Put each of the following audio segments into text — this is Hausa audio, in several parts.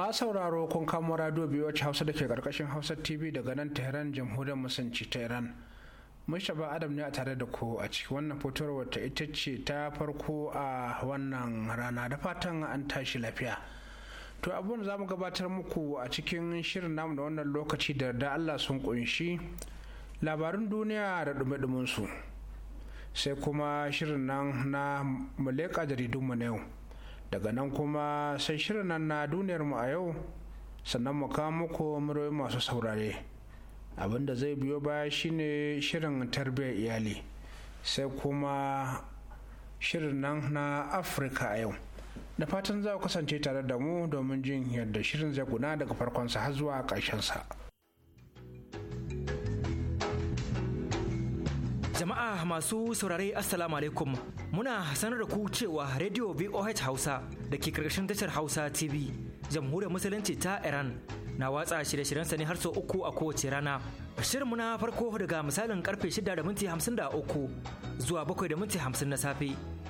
ma sauraro kun kamo radio biyu wacce hausa da ke karkashin hausa tv daga nan tehran jamhuriyar musanci ta iran mustapha adam ne a tare da ku a cikin wannan fitowar wata ita ce ta farko a wannan rana da fatan an tashi lafiya to abun za mu gabatar muku a cikin shirin namu da wannan lokaci da da allah sun kunshi labarin duniya da dume su sai kuma shirin nan na leƙa jaridunmu na yau daga nan kuma sai shirin nan na duniyar mu a yau sannan mu kawo muku muryoyi masu saurare abin da zai biyo baya shine shirin tarbiyyar iyali sai kuma shirin nan na afirka a yau da fatan za ku kasance tare da mu domin jin yadda shirin zai guna daga farkonsa har zuwa ƙarshensa. sa Jama'a masu saurare Assalamu alaikum muna sanar da ku cewa Radio VOH Hausa da ke karkashin tashar Hausa TV jamhuriyar musulunci ta Iran na watsa shirye sa ne har sau uku a kowace rana. Shirinmu na farko daga misalin karfe 6 da minti 53 zuwa 7 da minti 50 na safe.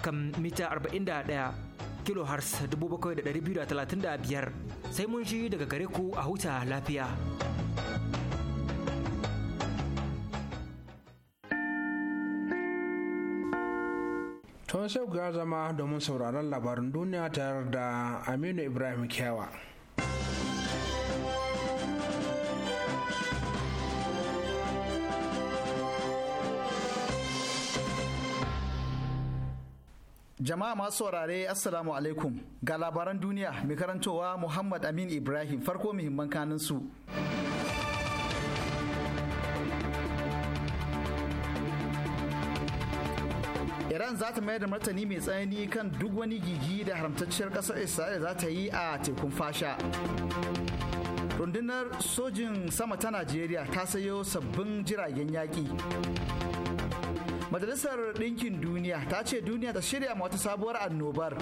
kan mita 41 kilohertz 7,235 sai mun shi daga gare ku a huta lafiya. Tun sai ya zama domin sauraron labarin duniya tare da Aminu Ibrahim Kyawa. Jama'a masu saurare Assalamu alaikum ga labaran duniya mai karantowa Muhammad Amin Ibrahim farko muhimman kanin su. Iran za ta mayar da martani mai tsanani kan duk wani gigi da haramtacciyar ƙasar Isra'ila za ta yi a tekun fasha. Rundunar sojin sama ta Najeriya ta sayo sabbin jiragen yaƙi. majalisar ɗinkin duniya ta ce duniya ta shirya ma wata sabuwar annobar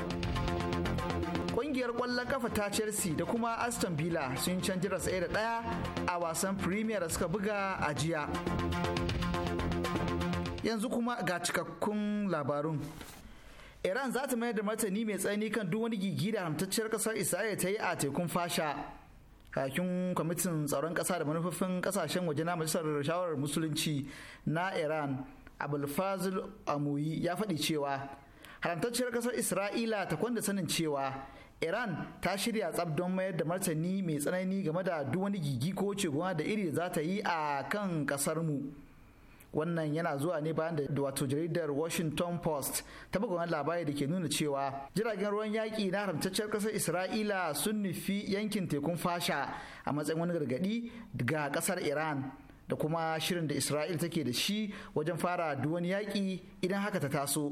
ƙungiyar ƙwallon kafa ta chelsea da kuma aston villa sun canji rasa da ɗaya a wasan premier da suka buga a jiya yanzu kuma ga cikakkun labarun iran za ta mayar da martani mai tsani kan duk wani gigi da hamtacciyar kasar isra'ila ta yi a tekun fasha kakin kwamitin tsaron kasa da manufofin kasashen waje na majalisar shawarar musulunci na iran abulfazil amuyi ya faɗi cewa haramtacciyar ƙasar isra'ila ta kwanda sanin cewa iran ta shirya tsab don mayar da martani mai tsanani game da duk wani gigi ko gona da iri za ta yi a kan ƙasarmu. wannan yana zuwa ne bayan da wato jaridar washington post ta buga wani labari da ke nuna cewa jiragen ruwan yaƙi na haramtacciyar ƙasar isra'ila sun nufi yankin tekun fasha a matsayin wani gargaɗi ga ƙasar iran da kuma shirin da isra'il take da shi wajen fara duwani yaƙi idan haka ta taso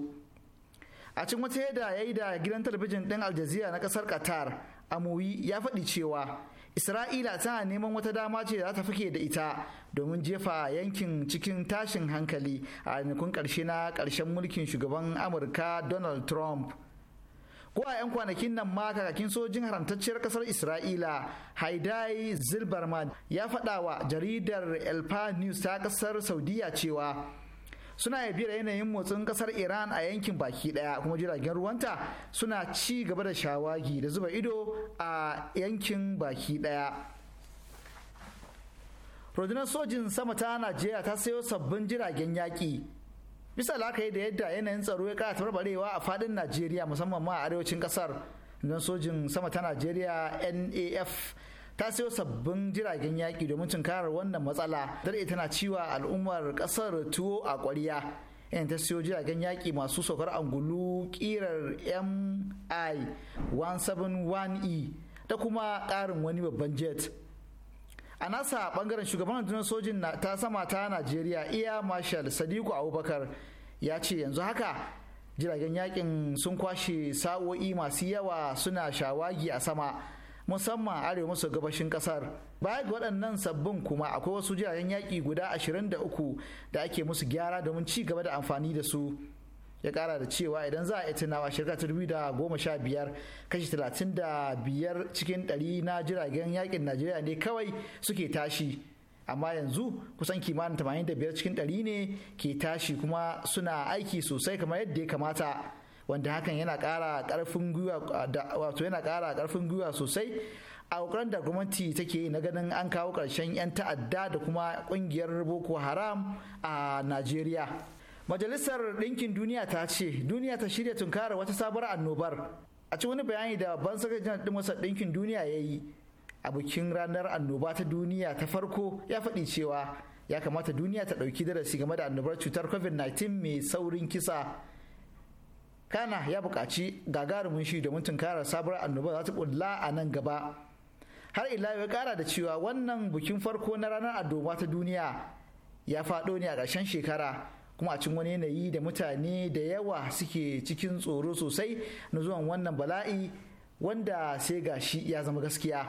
a cikin wata yadda ya yi da gidan talabijin ɗin aljazira na ƙasar qatar amoyi ya faɗi cewa isra'ila tana neman wata dama ce za ta fake da ita domin jefa yankin cikin tashin hankali a ƙarshe na ƙarshen mulkin shugaban amurka donald trump ko a 'yan kwanakin nan ma kakakin sojin haramtacciyar kasar isra'ila haidai zilbarman ya faɗa wa jaridar elfa news ta kasar saudiya cewa suna ya da yanayin motsin kasar iran a yankin baki daya kuma jiragen ruwanta suna ci gaba da shawagi da zuba ido a yankin baki daya rundunar sojin sama ta najeriya ta sayo sabbin jiragen yaƙi bisa laka da yadda yanayin tsaro ya kara tabarbarewa a fadin najeriya musamman ma a arewacin kasar don sojin sama ta najeriya naf ta siyo sabbin jiragen yaƙi domin tunkarar wannan matsala dare tana ciwa al'ummar ƙasar tuwo a kwariya yan ta siyo jiragen yaƙi masu saukar angulu kirar mi 171e da kuma ƙarin wani babban jet a nasa bangaren shugaban rundunar sojin ta sama ta najeriya iya marshal sadiku abubakar ya ce yanzu haka jiragen yakin sun kwashe sa'o'i masu yawa suna shawagi a sama musamman arewa maso gabashin kasar baya ga waɗannan sabbin kuma akwai wasu jiragen yaƙi guda 23 da ake musu gyara domin ci gaba da amfani da su ya kara da cewa idan za a yi tunawa shirka ta da goma sha biyar kashi talatin da biyar cikin ɗari na jiragen yakin najeriya ne kawai suke tashi amma yanzu kusan kimanin tamanin cikin ɗari ne ke tashi kuma suna aiki sosai kamar yadda ya kamata wanda hakan yana ƙara ƙarfin gwiwa wato yana ƙara ƙarfin gwiwa sosai a ƙoƙarin da gwamnati take na ganin an kawo ƙarshen 'yan ta'adda da kuma ƙungiyar boko haram a najeriya majalisar ɗinkin duniya ta ce duniya ta shirya tunkara wata sabuwar annobar a ci wani bayani da babban sakataren ɗin ɗinkin duniya ya yi a bikin ranar annoba ta duniya ta farko ya faɗi cewa ya kamata duniya ta ɗauki darasi game da annobar cutar covid-19 mai saurin kisa kana ya buƙaci gagarumin shi domin tunkarar sabuwar annobar za ta ƙulla a nan gaba har ila ya ƙara da cewa wannan bikin farko na ranar annoba ta duniya ya faɗo ne a ƙarshen shekara kuma a cikin wani yanayi da mutane da yawa suke cikin tsoro sosai na zuwan wannan bala'i wanda sai gashi ya zama gaskiya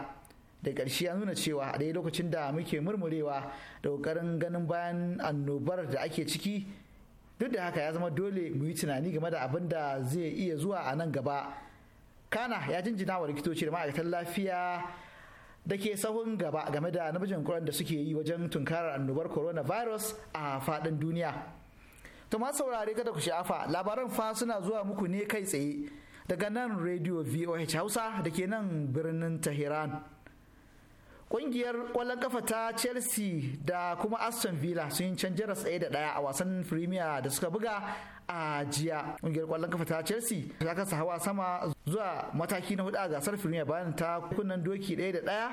da ƙarshe ya nuna cewa a ɗaya lokacin da muke murmurewa da ƙoƙarin ganin bayan annobar da ake ciki duk da haka ya zama dole mu yi tunani game da abin da zai iya zuwa a nan gaba kana ya jinjina wa likitoci da ma'aikatan lafiya da ke sahun gaba game da namijin kuran da suke yi wajen tunkarar annobar coronavirus a faɗin duniya To ma saurare kada ku sha'afa labaran fa suna zuwa muku ne kai tsaye daga nan Radio VOH Hausa da ke nan birnin Tehran. ƙungiyar kwallon kafa ta Chelsea da kuma Aston Villa sun yi canji tsaye da ɗaya a wasan Premier da suka buga a jiya. ƙungiyar kwallon kafa ta Chelsea ta kasa hawa sama zuwa mataki na hudu a gasar Premier bayan ta kunnan doki ɗaya da ɗaya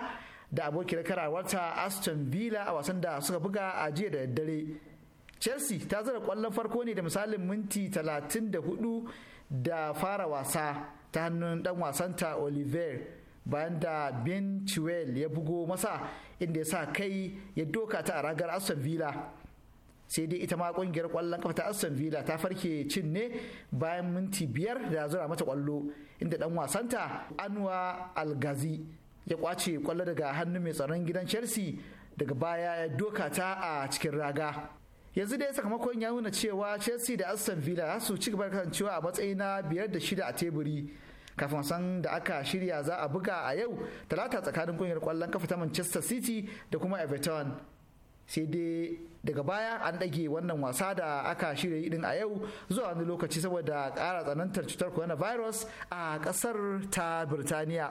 da abokin karawarta Aston Villa a wasan da suka buga a jiya da daddare. chelsea ta zira kwallon farko ne da misalin minti 34 da fara wasa ta hannun dan wasanta oliver bayan da ben chiwell ya bugo masa inda ya sa kai ya doka ta a ragar aston villa sai dai ita ma kungiyar kwallon kafa ta aston villa ta farke cin ne bayan minti biyar da zura mata kwallo inda dan wasanta anwa algazi ya kwace kwallo daga hannun mai tsaron gidan chelsea daga baya ya doka ta a cikin raga yanzu dai sakamakon ya nuna cewa chelsea da aston villa za su ci gaba kasancewa a matsayi na biyar da shida a teburi kafin san da aka shirya za a buga a yau talata tsakanin kungiyar kwallon kafa ta manchester city da kuma everton sai dai daga baya an dage wannan wasa da aka shirya yi din a yau zuwa wani lokaci saboda kara tsanantar cutar coronavirus a kasar ta birtaniya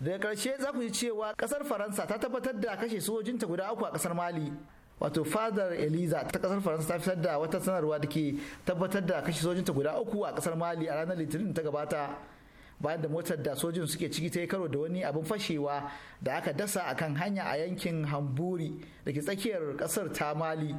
daga karshe za ku ji cewa ƙasar faransa ta tabbatar da kashe sojinta guda uku a ƙasar mali wato fadar eliza ta kasar faransa ta fitar da wata sanarwa da ke tabbatar da kashe sojinta guda uku a kasar mali a ranar litinin ta gabata bayan da motar da sojin suke ciki ta yi karo da wani abin fashewa da aka dasa a kan hanya a yankin hamburi da ke tsakiyar kasar ta mali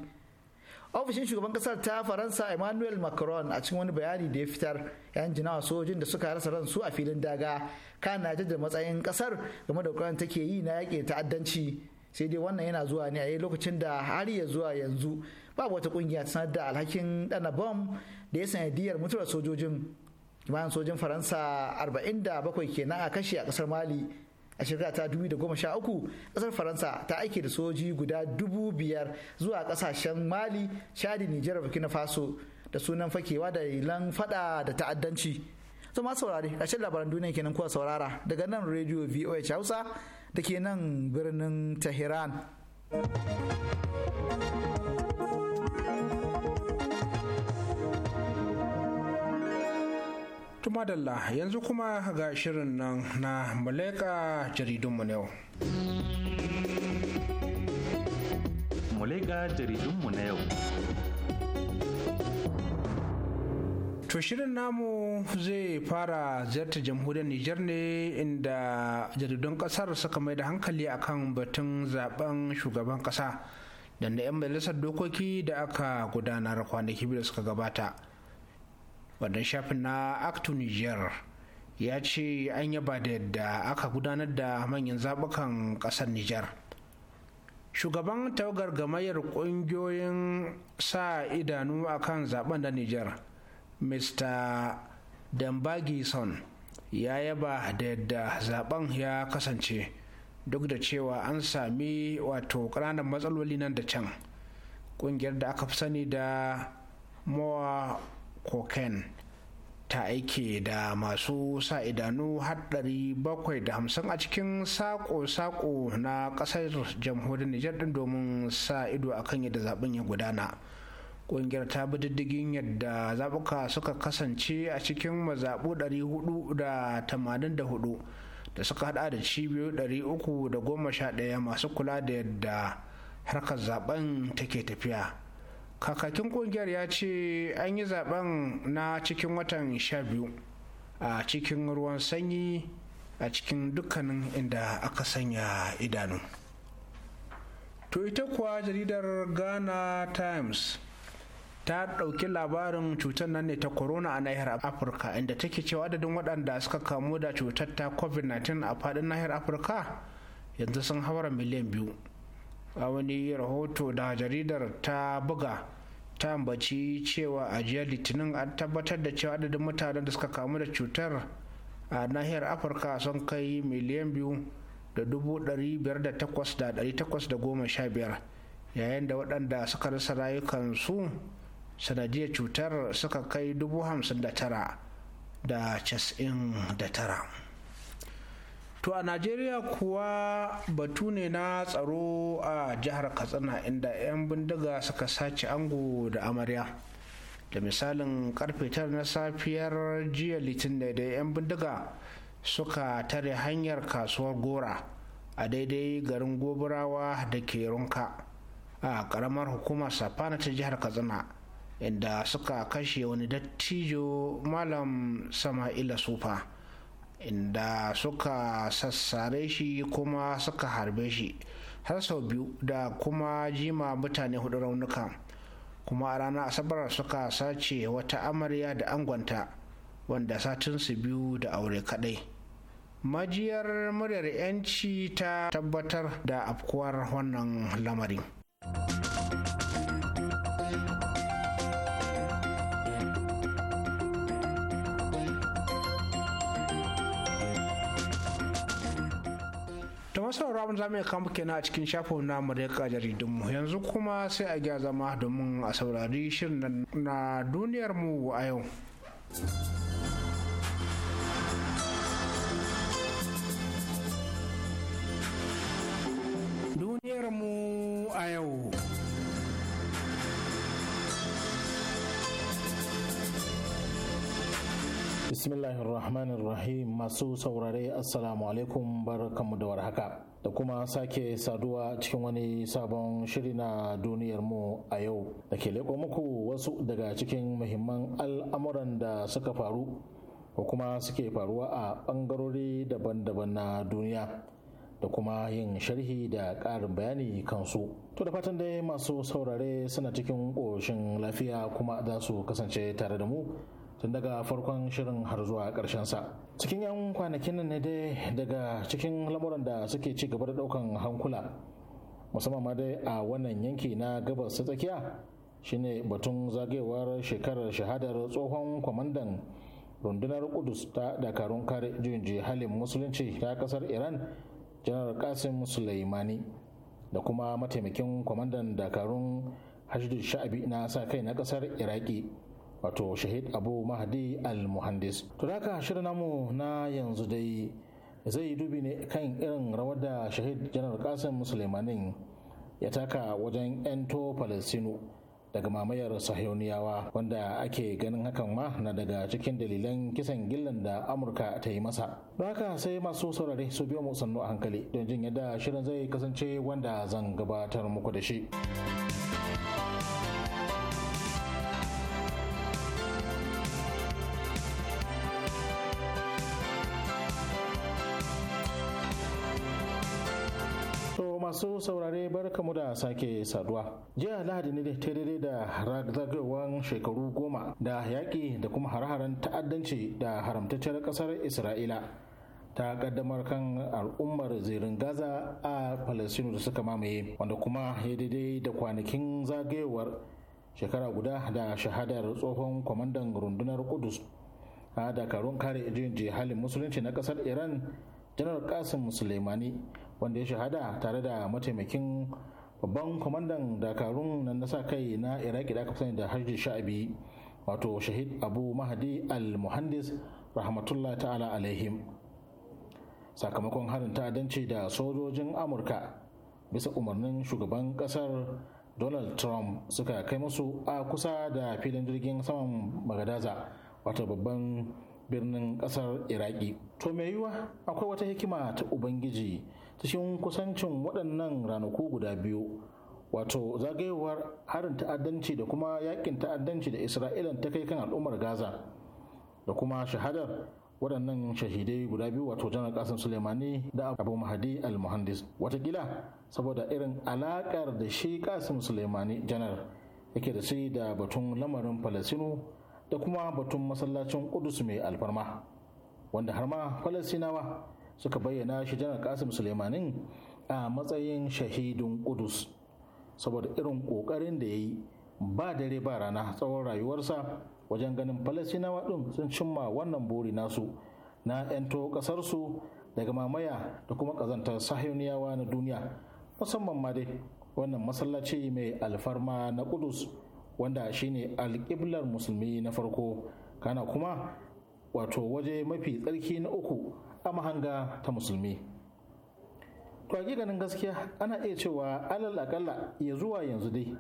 ofishin shugaban kasar ta faransa emmanuel macron a cikin wani bayani da ya fitar yan jinawa sojin da suka rasa ransu a filin daga kana jaddada matsayin kasar game da ƙoƙarin take yi na yaƙi ta'addanci sai dai wannan yana zuwa ne a lokacin da har ya zuwa yanzu ba wata kungiya ta sanar da alhakin dana bom da ya sanadiyar mutuwar sojojin bayan sojin faransa 47 kenan a kashe a kasar mali a shekara ta 2013 kasar faransa ta aiki da soji guda dubu biyar zuwa kasashen mali shadi nijar burkina faso da sunan fakewa da ilan fada da ta'addanci zama saurari saurare labaran duniya kenan kuwa saurara daga nan radio voh hausa da ke nan birnin tehran tumadalla yanzu kuma ga shirin nan na muleka jaridunmu na yau muleka jaridunmu na yau To shirin namu zai fara ziyarta jamhuriyar Nijar ne inda jaridun kasar suka mai da hankali akan batun zaben shugaban kasa da na 'yan majalisar dokoki da aka gudanar kwanaki biyu da suka gabata. Wannan shafin na Actu Niger ya ce an yaba da yadda aka gudanar da manyan zabukan ƙasar Nijar. Shugaban tawagar gama'yar ƙungiyoyin sa idanu akan zaben da Nijar. mr dambagison ya yaba da yadda zaben ya kasance duk da cewa an sami wato ƙananan matsaloli nan da can ƙungiyar da aka fi sani da moa cocaine ta aike da masu sa idanu haɗari bakwai da hamsin a cikin sako-sako na ƙasar jamhuriyar nijar ɗin domin sa ido akan yadda zaben ya gudana ƙungiyar ta bi diddigin yadda zabuka suka kasance a cikin mazaɓu 484 da suka hada da cibiyoyi ɗaya masu kula da yadda harkar zaben take tafiya kakakin kungiyar ya ce an yi zaben na cikin watan sha biyu a cikin ruwan sanyi a cikin dukkanin inda aka sanya idanu to ita kuwa jaridar ghana times ta ɗauki labarin cutar nan ne ta corona a nahiyar afirka inda take cewa adadin waɗanda suka kamu da cutar ta covid-19 a faɗin nahiyar afirka yanzu sun haura miliyan biyu a wani rahoto da jaridar ta buga ta ambaci cewa a jiya litinin an tabbatar da cewa adadin mutanen da suka kamu da cutar a nahiyar afirka sun kai miliyan biyu da dubu ɗari biyar da takwas da ɗari takwas da goma sha biyar yayin da waɗanda suka rasa rayukansu sanadiyar cutar suka kai dubu hamsin da tara da tara to a najeriya kuwa batu ne na tsaro a jihar katsina inda 'yan bindiga suka sace ango da amarya da misalin karfe tara na safiyar jiya ne da 'yan bindiga suka tare hanyar kasuwar gora a daidai garin goburawa da ke runka a ƙaramar hukumar safana ta jihar katsina inda suka kashe wani dattijo malam sama'ila sufa inda suka sassare shi kuma suka harbe shi har sau biyu da kuma jima mutane hudu raunuka kuma a ranar asabar suka sace wata amarya da angonta wanda satinsu biyu da aure kadai majiyar muryar 'yanci ta tabbatar da afkuwar wannan lamarin. masu ramun za mu yi kama kenan a cikin shafin na Amurka jaridunmu yanzu kuma sai a gya zama domin a saurari shirin na mu a yau. Duniyarmu a yau. Bismillahirrahmanirrahim masu saurare assalamu alaikum barkamu da warhaka da kuma sake saduwa cikin wani sabon shiri na duniyar mu a yau da ke leko muku wasu daga cikin muhimman al'amuran da suka faru ko kuma suke faruwa a bangarori daban-daban na duniya da kuma yin sharhi da ƙarin bayani kansu. To da fatan dai masu saurare suna cikin ƙoshin lafiya kuma za su kasance tare da mu tun daga farkon shirin har zuwa ƙarshen sa cikin yan kwanakin nan ne dai daga cikin lamuran da suke ci gaba da ɗaukan hankula musamman ma dai a wannan yanki na gabas ta tsakiya shine batun zagayewar shekarar shahadar tsohon kwamandan rundunar kudus ta dakarun kare juyin halin musulunci ta kasar iran janar kasim sulaimani da kuma mataimakin kwamandan dakarun hajjid sha'abi na sa kai na kasar iraki wato shahid abu mahdi al-muhandis to da shirin namu na yanzu dai zai dubi ne kan irin rawar da shahid janar kasim musulmanin ya taka wajen 'yanto palestino daga mamayar sahiyoniyawa wanda ake ganin hakan ma na daga cikin dalilan kisan gillan da amurka ta yi masa don haka sai masu saurari su biyo mu sannu a hankali don jin yadda shirin zai kasance wanda zan gabatar muku da shi masu saurare barkamu da sake saduwa. Jiya Lahadi ne da daidai da zagayowar shekaru goma da yaƙi da kuma hare-haren ta'addanci da haramtacciyar ƙasar Isra'ila ta kaddamar kan al'ummar zirin Gaza a Falasinu da suka mamaye wanda kuma ya daidai da kwanakin zagayowar shekara guda da shahadar tsohon kwamandan rundunar Kudus a dakarun kare jihalin musulunci na ƙasar Iran janar Kasim Suleimani. wanda ya shahada tare da mataimakin babban kwamandan dakarun nan na sa kai na iraki da aka sani da hajji sha'abi wato shahid abu mahadi al-muhandis rahmatullah ta'ala alaihim sakamakon harin ta'addanci da sojojin amurka bisa umarnin shugaban kasar donald trump suka kai musu a kusa da filin jirgin saman magadaza wato babban birnin kasar iraki to mai yiwuwa akwai wata hikima ta ubangiji cikin kusancin waɗannan ranaku guda biyu wato zagayowar harin ta'addanci da kuma yakin ta'addanci da isra'ila ta kai kan al'ummar gaza da kuma shahadar waɗannan shahidai guda biyu wato janar kasim suleimani da abu mahadi al-muhandis watakila saboda irin alaƙar da shi kasim suleimani janar yake da shi da batun lamarin falasinu da kuma batun masallacin kudus mai alfarma wanda har ma falasinawa suka bayyana shi janar kasim Sulemanin a matsayin shahidin kudus saboda irin kokarin da ya yi ba dare ba rana tsawon rayuwarsa wajen ganin falasinawa din sun cimma wannan buri nasu na 'yanto ƙasarsu daga mamaya da kuma ƙazantar sahiyoniyawa na duniya musamman ma dai wannan masallaci mai alfarma na kudus wanda shine alƙiblar musulmi na farko kana kuma wato waje mafi tsarki na uku a mahanga ta musulmi to ganin gaskiya ana iya cewa alal akalla ya zuwa yanzu dai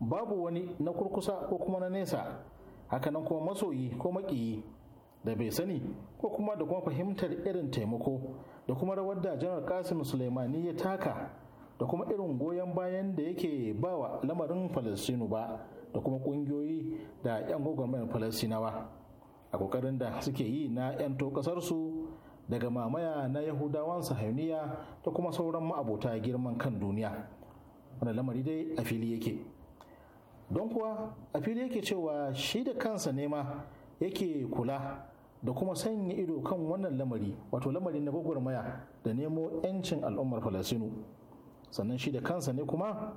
babu wani na kurkusa ko kuma na nesa hakanan kuma masoyi ko makiyi da bai sani ko kuma da kuma fahimtar irin taimako da kuma rawar da janar kasim sulaimani ya taka da kuma irin goyon bayan da yake bawa lamarin falastinu ba da kuma kungiyoyi da 'yan gwagwarmayar falastinawa a kokarin da suke yi na 'yan to kasarsu daga mamaya na yahudawan sahaniya ta kuma sauran ma'abota girman kan duniya wanda lamari dai a fili yake don kuwa a fili yake cewa shi da kansa nema yake kula da kuma sanya ido kan wannan lamari wato lamarin na gwagwarmaya da nemo 'yancin al'ummar falasinu sannan shi da kansa ne kuma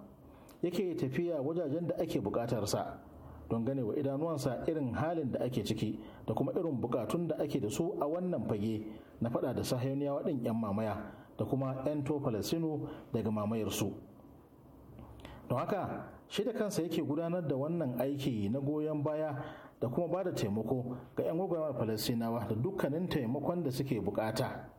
yake tafiya wajajen da ake bukatarsa don gane wa idanuwansa irin halin da ake ciki da kuma irin bukatun da ake da su a wannan fage na faɗa da sahayoniyawa ɗin 'yan mamaya da kuma 'yan to daga mamayarsu don haka shi da kansa yake gudanar da wannan aiki na goyon baya da kuma ba da taimako ga 'yan gwagwarmar Falasinawa da dukkanin taimakon da suke bukata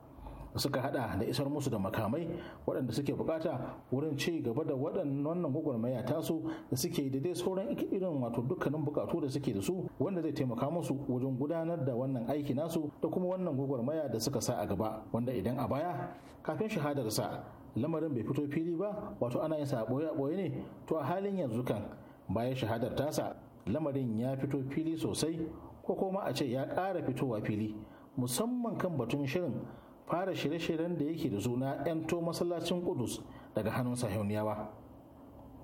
suka hada da isar musu da makamai waɗanda suke bukata wurin ci gaba da waɗannan gwagwarmaya tasu da suke da dai sauran irin wato dukkanin bukatu da suke da su wanda zai taimaka musu wajen gudanar da wannan aiki nasu da kuma wannan gwagwarmaya da suka sa a gaba wanda idan a baya kafin shahadarsa lamarin bai fito fili ba wato ana yin sa boye boye ne to a halin yanzu kan bayan shahadar tasa lamarin ya fito fili sosai ko kuma a ce ya ƙara fitowa fili musamman kan batun shirin fara shirye-shiryen da yake da suna to masallacin kudus daga hannun sahiyoniyawa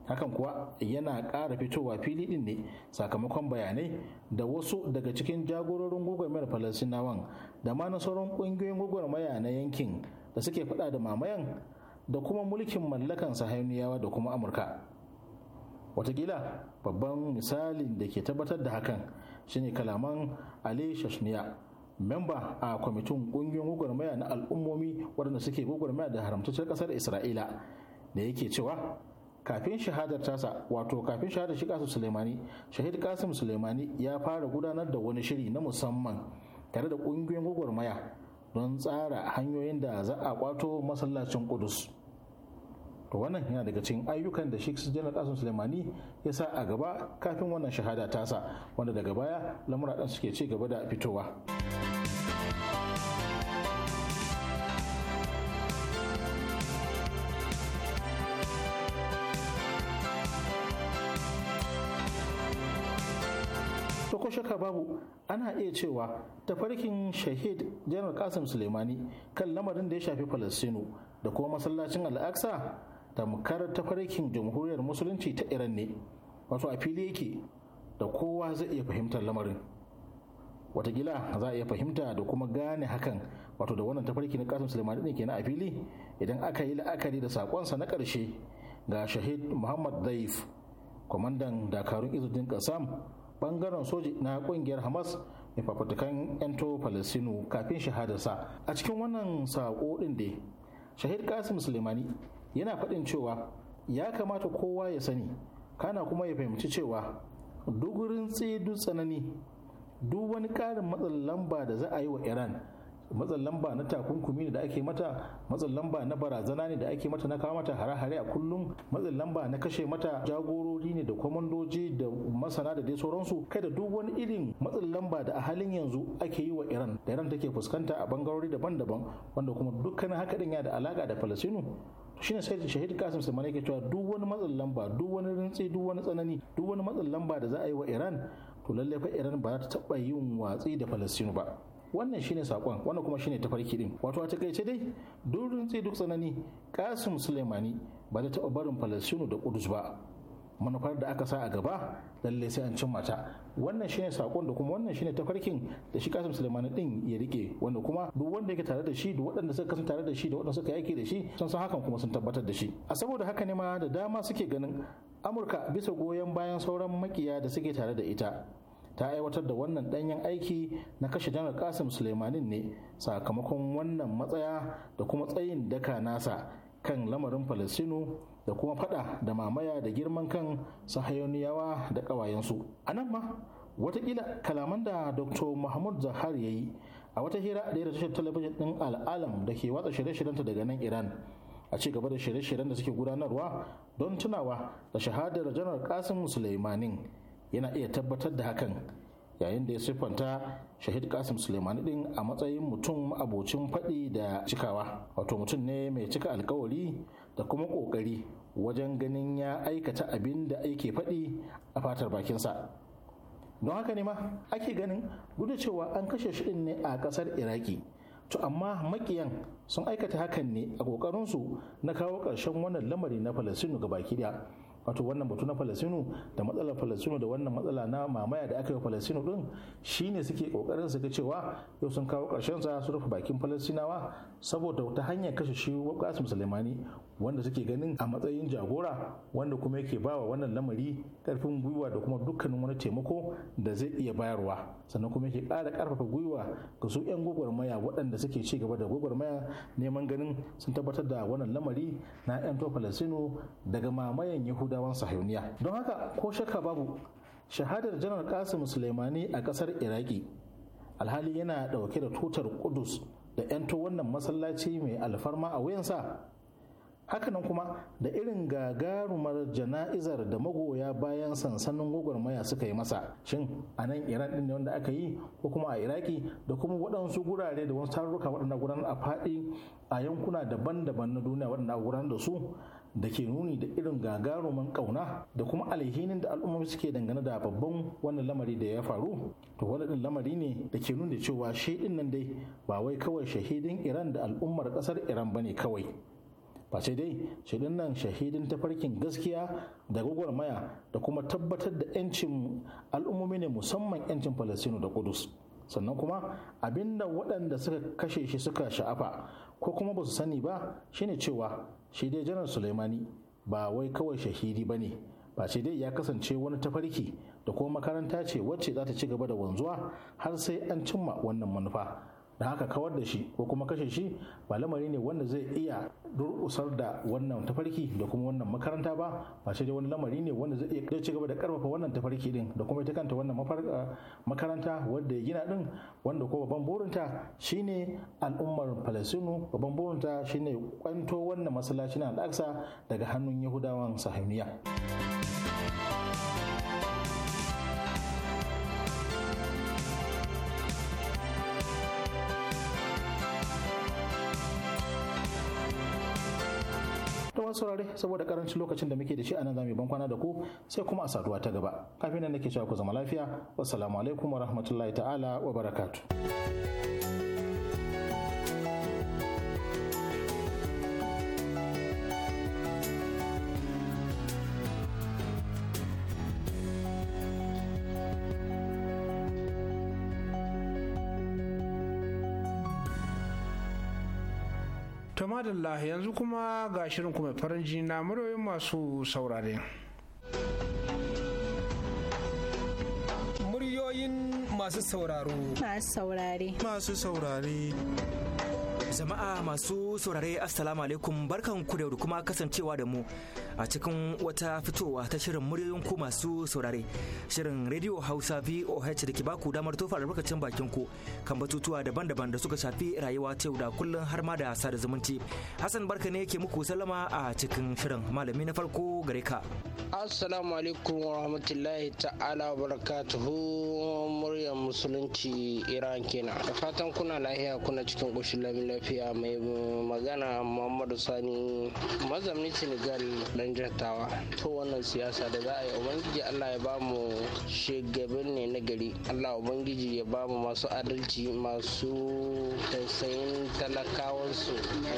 hakan kuwa yana ƙara fitowa fili ɗin ne sakamakon bayanai da wasu daga cikin jagororin gwagwarmayar falasinawan da ma nasarar ƙungiyoyin gwagwarmaya na yankin da suke faɗa da mamayan da kuma mulkin mallakan sahiyoniyawa da kuma amurka watakila babban misalin da ke tabbatar da hakan shine kalaman ali shashniya memba a kwamitin kungiyoyin gwagwarmaya na al'ummomi waɗanda suke gwagwarmaya da haramtaccen ƙasar isra'ila da yake cewa kafin shahadar tasa wato kafin shahadar shi kasu suleimani shahid kasim sulaimani ya fara gudanar da wani shiri na musamman tare da kungiyoyin gwagwarmaya don tsara hanyoyin da za a kwato masallacin kudus to wannan yana daga cikin ayyukan da shi janar kasim sulaimani ya sa a gaba kafin wannan shahada tasa wanda daga baya lamura ɗan suke ci gaba da fitowa shakka babu ana iya cewa tafarkin shahid janar kasim suleimani kan lamarin da ya shafi falastinu da kuma masallacin al'aksa tamkar tafarkin jamhuriyar musulunci ta iran ne wato a fili yake da kowa zai iya fahimtar lamarin watakila za a iya fahimta da kuma gane hakan wato da wannan tafarki na kasim sulemani ne kenan a fili idan aka yi la'akari da sakonsa na karshe ga shahid muhammad zaif kwamandan dakarun izudin kasam bangaren soji na kungiyar hamas mai fafatakan 'yanto palestinu kafin shahadarsa a cikin wannan sako din da shahid kasim sulemani yana faɗin cewa ya kamata kowa ya sani kana kuma ya fahimci cewa dugurin tsidu tsanani duk wani ƙarin matsin lamba da za a yi wa iran matsin lamba na takunkumi ne da ake mata matsin lamba na barazana ne da ake mata na kawo mata hare-hare a kullum matsin lamba na kashe mata jagorori ne da kwamandoji da masana da dai sauransu kai da duk wani irin matsin lamba da a halin yanzu ake yi wa iran da iran take fuskanta a bangarori daban-daban wanda kuma dukkanin haka ɗin ya da alaka da falasinu shine sai shahid kasim samani yake cewa duk wani matsin lamba duk wani rintsi duk wani tsanani duk wani matsin lamba da za a yi wa iran to lalle fa iran ba za ta taba yin watsi da palestinu ba wannan shine sakon wannan kuma shine tafarki din wato a takaice dai duk rintsi duk tsanani kasim suleimani ba ta taba barin palestinu da kudus ba manufar da aka sa a gaba lalle sai an cimma ta wannan shine sakon da kuma wannan shine tafarkin da shi Kasim Suleimani din ya rike wanda kuma duk wanda yake tare da shi da waɗanda suka kasance tare da shi da waɗanda suka yake da shi sun san hakan kuma sun tabbatar da shi a saboda haka ne ma da dama suke ganin Amurka bisa goyon bayan sauran makiya da suke tare da ita ta aiwatar da wannan danyen aiki na kashe janar kasim sulaimanin ne sakamakon wannan matsaya da kuma tsayin daka nasa kan lamarin falastinu da kuma fada da mamaya da girman kan sahayoniyawa da kawayensu. a nan ma watakila kalaman da dr mahmud zahar ya yi a wata hira da da tashar talabijin ɗin al'alam da ke watsa shirye-shiryenta daga nan iran a ci gaba da shirye-shiryen da suke gudanarwa don tunawa da shahadar janar kasim suleimanin yana iya tabbatar da hakan yayin da ya siffanta shahid kasim suleimani din a matsayin mutum abocin faɗi da cikawa wato mutum ne mai cika alkawari da kuma ƙoƙari wajen ganin ya aikata abin da ake faɗi a fatar bakinsa don haka ne ma ake ganin gudu cewa an kashe shi ne a ƙasar iraki to amma makiyan sun aikata hakan ne a ƙoƙarinsu na kawo ƙarshen wannan lamari na falasinu ga baki daya wato wannan batu na falasinu da matsalar falasinu da wannan matsala na mamaya da aka yi falasinu din shine suke ƙoƙarin su ga cewa yau sun kawo ƙarshen sa su rufe bakin falasinawa saboda ta hanyar kashe shi Qasim wanda suke ganin a matsayin jagora wanda kuma yake bawa wannan lamari karfin gwiwa da kuma dukkanin wani taimako da zai iya bayarwa sannan kuma yake ƙara ƙarfafa gwiwa ga su 'yan gwagwarmaya waɗanda suke ci gaba da gwagwarmaya neman ganin sun tabbatar da wannan lamari na 'yan tofalasino daga mamayan Yahudawan Sahiyoniya don haka ko shakka babu shahadar janar kasu Soleimani a ƙasar Iraki alhali yana ɗauke da tutar Kudus da 'yanto wannan masallaci mai alfarma a wuyansa hakanan kuma da irin gagarumar jana'izar da magoya bayan sansanin gwagwarmaya suka yi masa shin a nan iran din ne wanda aka yi ko kuma a iraki da kuma waɗansu gurare da wasu tarurruka waɗanda gudanar a faɗi a yankuna daban-daban na duniya waɗanda gudanar da su da ke nuni da irin gagaruman kauna da kuma alhinin da al'ummomi suke dangane da babban wannan lamari da ya faru to wannan lamari ne da ke nuni cewa shaidin nan dai ba wai kawai shahidin iran da al'ummar kasar iran ba ne kawai sai dai shaidin nan shahidin tafarkin gaskiya da gwagwarmaya da kuma tabbatar da 'yancin al'ummomi ne musamman 'yancin falastinu da kudus sannan kuma abinda waɗanda suka kashe shi suka sha'afa ko kuma ba su sani ba shine cewa shi dai janar suleimani ba wai kawai shahidi ba ne ba shi dai ya kasance wani tafarki da kuma makaranta ce wacce za ta ci gaba da wanzuwa har sai an cimma wannan manufa da haka kawar da shi ko kuma kashe shi ba lamari ne wanda zai iya durƙusar da wannan tafarki da kuma wannan makaranta ba ba sai dai wani lamari ne wanda zai iya ci gaba da karfafa wannan tafarki din da kuma ita kanta wannan eh, makaranta wadda ya gina din wanda ko babban burinta shine al'ummar Falasinu babban burinta shine kwanto wannan masallaci na Al-Aqsa daga hannun Yahudawan Sahiniya. masu saurare saboda karancin lokacin da muke da shi a nan zamu bankwana da ku sai kuma a saduwa ta gaba kafin nan nake cewa ku zama lafiya wassalamu alaikum warahmatullahi ta'ala wa barakatu. ta madalla yanzu kuma ga shirin kuma farin jina na muryoyin masu saurare muryoyin masu sauraro masu saurare masu saurare jama'a masu masu saurare assalamu alaikum barkan ku da kuma kasancewa da mu a cikin wata fitowa ta shirin muryoyin ku masu saurare shirin radio hausa voh da ke baku damar tofa albarkacin bakin ku kan batutuwa daban-daban da suka shafi rayuwa ta yau da kullum har ma da sada zumunci hassan barka ne ke muku salama a cikin shirin malami na farko gare ka assalamu alaikum wa rahmatullahi ta'ala wa barakatuhu muryar musulunci iran kenan da fatan kuna lahiya kuna cikin ƙoshin lafiya mai magana muhammadu sani mazamni senegal dan jartawa to wannan siyasa da za a yi ubangiji allah ya ba mu shugaban ne na gari allah ubangiji ya ba mu masu adalci masu tausayin talakawansu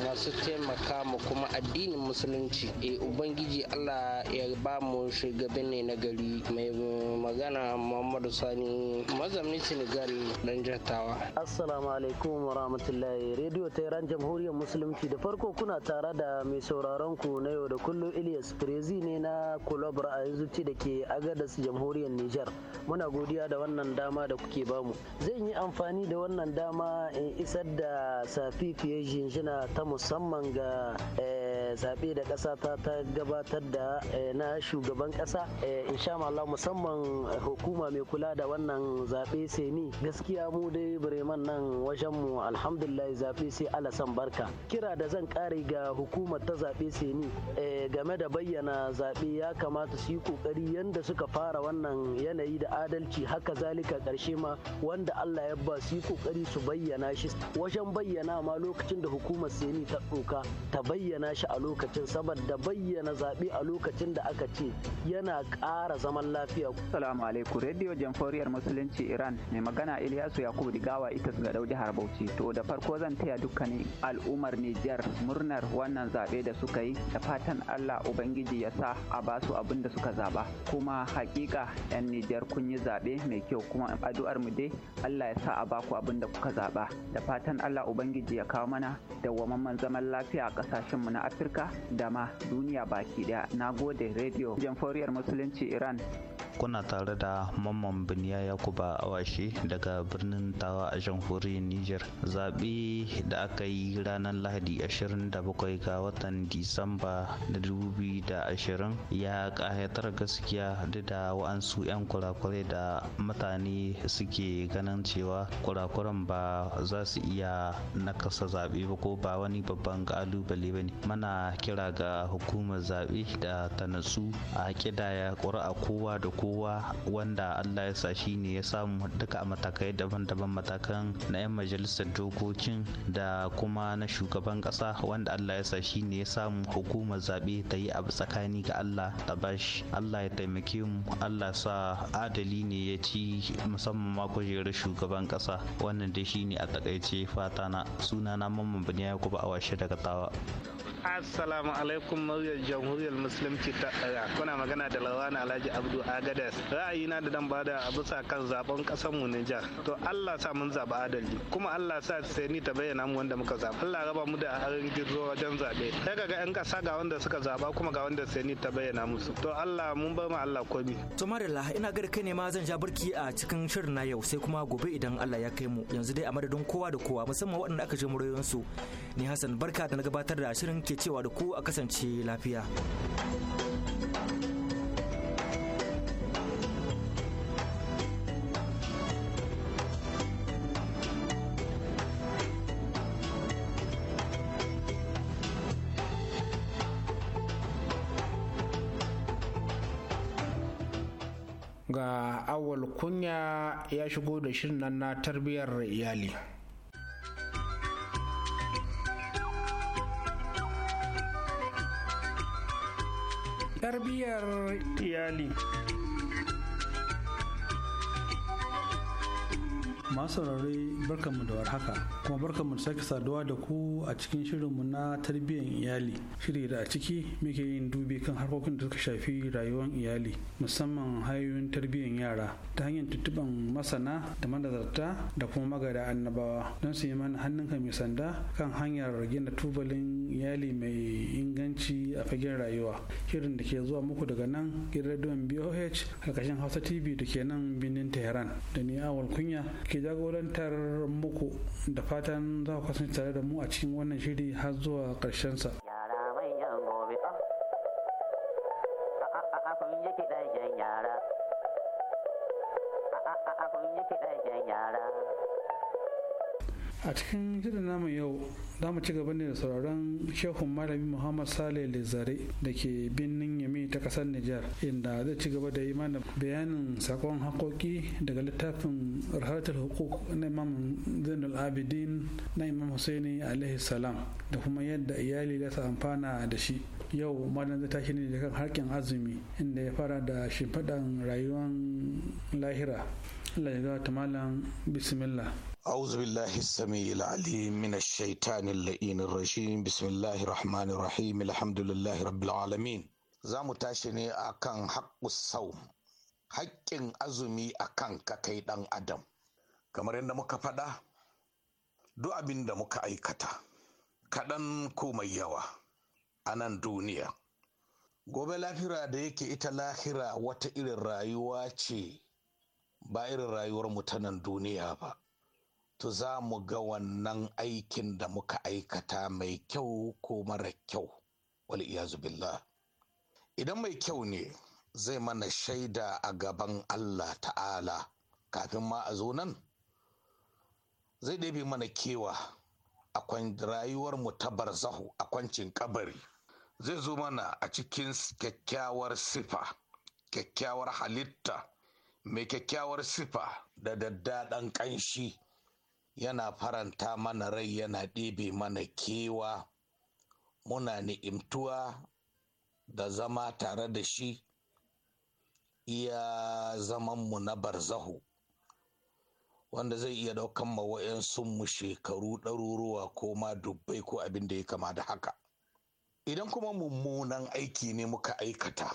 masu taimaka mu kuma addinin musulunci e ubangiji allah ya ba mu shugaban ne na gari mai magana muhammadu sani mazamni senegal dan jartawa assalamu alaikum wa rahmatullahi radio jamhuriyar musulunci da farko kuna tare da mai sauraron ku na yau da kullum Ilyas frezi ne na Kulob yanzu zuci da ke Agadas Jamhuriyar Nijar. Muna godiya da wannan dama da kuke bamu. Zan yi amfani da wannan dama in isar da safi fiye jinjina ta musamman ga eh, zaɓe da ƙasa ta ta gabatar da eh, na shugaban ƙasa eh, sha Allah musamman hukuma mai kula da wannan zaɓe sai ni gaskiya mu dai bireman nan wajen mu alhamdulillah zaɓe sai alasan barka kira da zan kare ga hukumar ta zaɓe seni eh, game da bayyana zaɓe ya kamata su yi ƙoƙari yadda suka fara wannan yanayi da adalci haka zalika ƙarshe ma wanda Allah ya ba su yi ƙoƙari su bayyana shi wajen bayyana ma lokacin da hukumar seni ta ɗoka ta bayyana shi a lokacin saboda bayyana zaɓe a lokacin da aka ce yana ƙara zaman lafiya. Salamu alaikum Radio Jamhuriyar Musulunci Iran mai magana Ilyasu Yakubu Digawa ita su ga Dauji Harbauchi to da farko zan taya dukkanin al'ummar jama'ar Nijar murnar wannan zaɓe da suka yi da fatan Allah Ubangiji ya sa a ba su abin da suka zaɓa. Kuma hakika 'yan Nijar kun yi zaɓe mai kyau kuma addu'ar mu dai Allah ya sa a ba ku abin da kuka zaɓa. Da fatan Allah Ubangiji ya kawo mana da wamman zaman lafiya a mu na Afirka da ma duniya baki ɗaya. Na gode Radio Jamhuriyar Musulunci Iran kuna tare da mamman biniya yakuba awashe daga birnin tawa a jamhuriyar niger zaɓe da aka yi ranar lahadi 27 ga watan disamba da 2020 ya ƙayatar gaskiya duk da wa'ansu 'yan kurakure da mutane suke ganin cewa kurakuren ba za su iya nakasa zaɓe ba ko ba wani babban ƙalubale ba ne mana kira ga hukumar zaɓe da ta natsu a ƙidaya ƙura a kowa da kowa wanda allah ya sa shi ne ya samu duka matakai daban-daban matakan na 'yan majalisar dokokin da kuma na shugaban kasa wanda allah ya sa shi ne ya samu hukumar zaɓe ta yi abu tsakani ga allah ta bashi allah ya taimake mu allah sa adali ne ya ci musamman ma kujerar shugaban kasa wannan dai shi ne a takaice fata na sunana mamman ya kuma daga tawa assalamu alaikum muryar jamhuriyar musulunci ta kuna magana da lawana alhaji abdu aga ra'ayi ra'ayina da dan bada a bisa kan zaben kasar mu Nijar to Allah sa mun zaba adalci kuma Allah sa sai ni ta bayyana mu wanda muka zaba Allah raba mu da harin gizo wajen zabe sai ga yan kasa ga wanda suka zaba kuma ga wanda sai ni ta bayyana musu to Allah mun bar mu Allah komi to marilla ina ga kai ne ma zan ja barki a cikin shirin na yau sai kuma gobe idan Allah ya kai mu yanzu dai a madadin kowa da kowa musamman waɗanda aka je su ni Hassan barka da na gabatar da shirin ke cewa da ku a kasance lafiya. awal kunya ya shigo da shirin nan na tarbiyyar iyali tarbiyyar iyali masu saurari barkanmu da warhaka kuma barkanmu da sake saduwa da ku a cikin shirinmu na tarbiyyar iyali shiri da a ciki muke yin dubi kan harkokin da suka shafi rayuwar iyali musamman hanyoyin tarbiyyar yara ta hanyar tuttuban masana da manazarta da kuma magada annabawa don su yi mana hannun hannunka mai sanda kan hanyar gina tubalin iyali mai inganci a fagen rayuwa shirin da ke zuwa muku daga nan gidan rediyon boh karkashin hausa tv da ke nan birnin tehran da ni awal kunya ke jagorantar muku da fatan za ku kasance tare da mu a cikin wannan shiri har zuwa ƙarshen sa. yara a cikin shirin namu yau za mu ci gaba ne da sauraron shehun malami muhammad saleh lezare da ke birnin yami ta kasar nijar inda zai ci gaba da yi mana bayanin sakon hakoki daga littafin rahatul hukuk na imam zainul abidin na imam husaini alaihi salam da kuma yadda iyali da su amfana da shi yau malam zai tashi ne daga kan harkin azumi inda ya fara da shimfiɗan rayuwar lahira Allah ya ga malam bismillah أعوذ بالله السميع العليم من الشيطان اللئين الرجيم بسم الله الرحمن الرحيم الحمد لله رب العالمين za mu tashi ne a kan sau haƙƙin azumi a kan kai ɗan adam kamar yadda muka faɗa duk abin da muka aikata kaɗan ko mai yawa a nan duniya gobe lafira da yake ita lahira wata irin rayuwa ce ba irin rayuwar mu ta nan duniya ba to za mu ga wannan aikin da muka aikata mai kyau ko mara kyau wal'iyazu billah idan mai kyau ne zai mana shaida a gaban allah ta'ala kafin ma a zo nan zai ɗabi mana kewa a rayuwar mu ta barzahu a kwancin kabari zai zo mana a cikin kyakkyawar sifa kyakkyawar halitta mai kyakkyawar sifa da daddaɗan ƙanshi yana faranta mana rai yana ɗebe mana kewa muna ni'imtuwa da zama tare da shi iya zaman mu na barzahu wanda zai iya ɗaukan ma mu shekaru ɗaruruwa ko ma dubbai ko abin da ya kama da haka idan kuma mummunan aiki ne muka aikata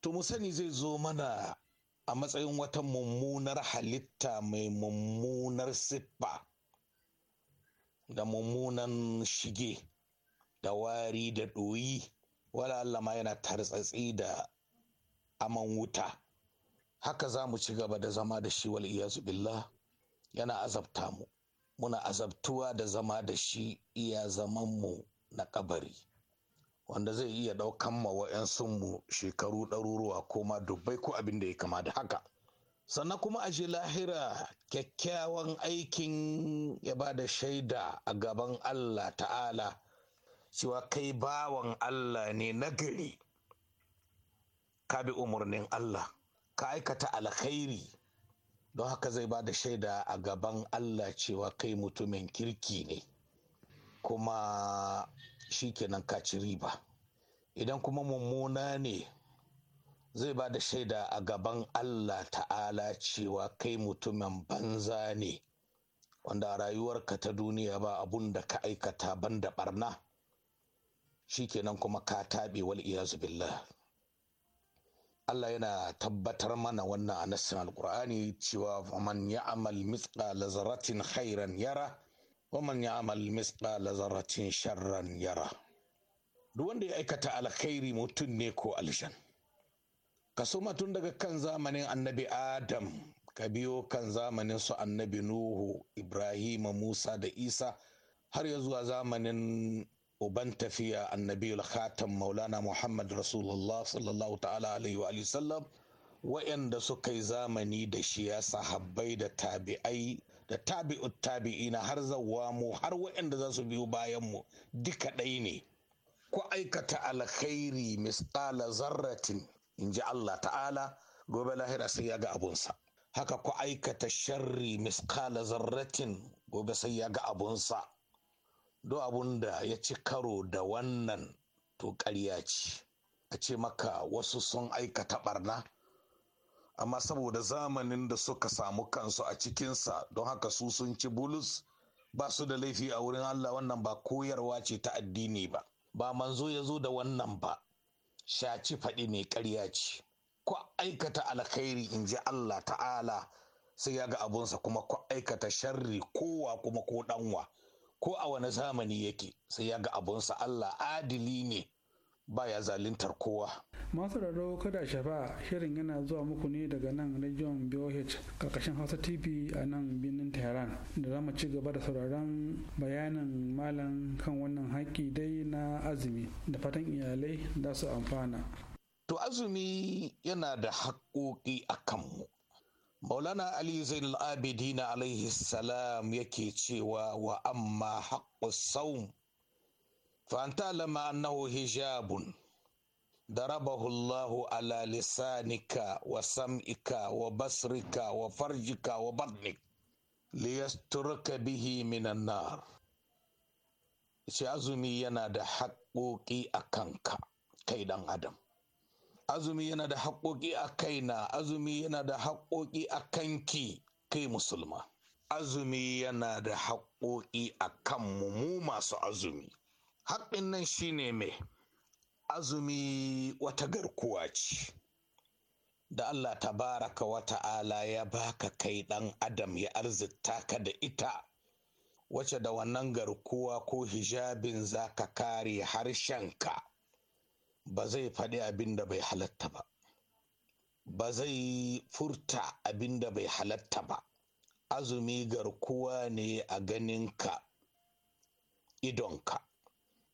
to mu sani zai zo mana a matsayin wata mummunar halitta mai mummunar siffa da mummunan shige da wari da ɗoyi wala Allah ma yana tartsatsi da aman wuta haka za mu ci gaba da zama da shi wal iyazu billah yana azabta mu muna azabtuwa da zama da shi iya zaman mu na kabari wanda zai iya ɗaukan ma wa'yansun mu shekaru ɗaruruwa ko ma dubbai ko abin da ya kama da haka sannan kuma a lahira kyakkyawan aikin ya ba da shaida a gaban allah ta'ala cewa kai bawan allah ne nagari ka bi umarnin allah ka aikata alkhairi don haka zai ba da shaida a gaban allah cewa kai mutumin kirki ne kuma shikenan ka ci riba idan kuma mummuna ne zai ba da shaida a gaban allah ta'ala cewa kai mutumin banza ne wanda a rayuwarka ta duniya ba abun da ka aikata ban da barna shikenan kuma ka taɓe wal billah Allah yana tabbatar mana wannan a nassin alkur'ani cewa man amal mitsa lazaratin khairan yara waman ya amal misqala zarratin sharran yara duk wanda ya aikata alkhairi mutum ne ko alshan kaso soma tun daga kan zamanin annabi adam ka biyo kan zamanin su annabi nuhu ibrahima musa da isa har ya zuwa zamanin uban tafiya annabi khatam maulana muhammad rasulullah sallallahu ta'ala alaihi wa sallam wa'yanda suka yi zamani da shi ya sahabbai da tabi'ai da tabi'ut tabi'ina har zawwa mu har waɗanda za su biyo bayan mu duka ɗai ne ku aikata alkhairi misqala zarratin in ji Allah ta'ala gobe lahira sai ya ga abunsa haka ku aikata sharri misqala zarratin gobe sai ya ga abunsa do abun da ya ci karo da wannan to ƙarya ce a ce maka wasu sun aikata barna amma saboda zamanin da suka samu kansu a cikinsa don haka su sun ci bulus ba su da laifi a wurin Allah wannan ba koyarwa ce ta addini ba ba manzo ya zo da wannan ba shaci faɗi ne ƙarya ce ku aikata alkhairi in ji Allah ta'ala sai ya ga abunsa kuma ku aikata sharri kowa kuma ko ɗanwa ko a wani zamani yake sai ya ga abunsa Allah adili ne baya zalintar kowa. Masu raro kada shafa shirin yana zuwa muku ne daga nan region BOH karkashin Hausa TV a nan birnin Tehran da za mu ci gaba da sauraron bayanin malam kan wannan haƙi dai na azumi da fatan iyalai za su amfana. To azumi yana da haƙoƙi a kanmu. Maulana Ali Zainul Abidina alaihi salam yake cewa wa amma haƙƙo saum فأن تعلم أنه حجاب ضربه الله على لسانك وسمعك وبصرك وفرجك وبطنك ليسترك به من النار shi azumi yana da haƙoƙi a kanka kai ɗan adam azumi yana da haƙoƙi a kaina azumi yana da haƙoƙi a kanki kai musulma azumi yana da haƙoƙi a kanmu mu masu azumi haƙƙin nan shine mai azumi wata garkuwa ce da Allah ta baraka wata ala ya baka kai ɗan adam ya arzikta ka da ita wace da wannan garkuwa ko hijabin za ka kare harshenka ba zai faɗi abin da bai halatta ba ba zai furta abin da bai halatta ba azumi garkuwa ne a ganin ganinka idonka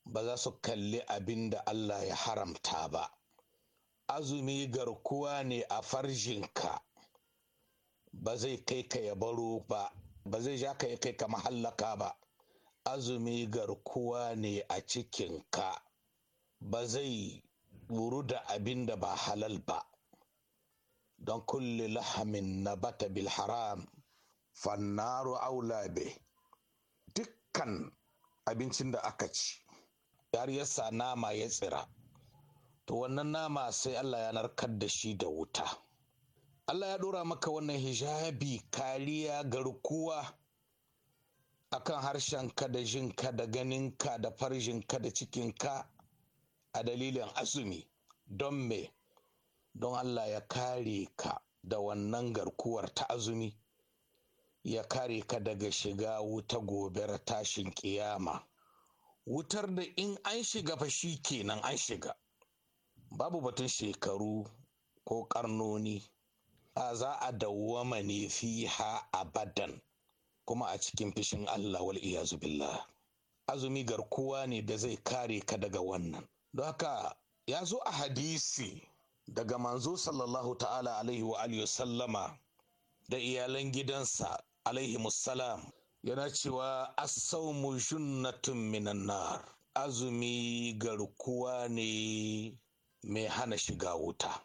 ba za su kalli abin da Allah ya haramta ba. Azumi garkuwa ne a farjinka, ba zai kai ka ya baro ba, ba zai ja ka ya kai ka mahallaka ba. Azumi garkuwa ne a cikinka, ba zai wuru da abin da ba halal ba. Don kulle lahamin na bata bil haram, fannaru aula be, dukkan abincin da aka ci. har yasa nama ya tsira to wannan nama sai Allah ya narkar da shi da wuta Allah ya ɗora maka wannan hijabi kariya garkuwa akan harshen harshenka da ka da ganinka da farjinka da cikinka a dalilin azumi don me don Allah ya kare ka da wannan garkuwar ta azumi ya kare ka daga shiga wuta gobe tashin kiyama wutar da in an shiga fa shi kenan an shiga babu batun shekaru ko karnoni a za a dawwama ne fiha abadan kuma a cikin fishin Allah wal iyazu billah azumi garkuwa ne da zai kare ka daga wannan don haka ya zo a hadisi daga manzo sallallahu ta'ala alaihi wa alihi sallama da iyalan gidansa alaihi musallam yana cewa asaumu junnatun minan nar azumi garkuwa ne mai hana shiga wuta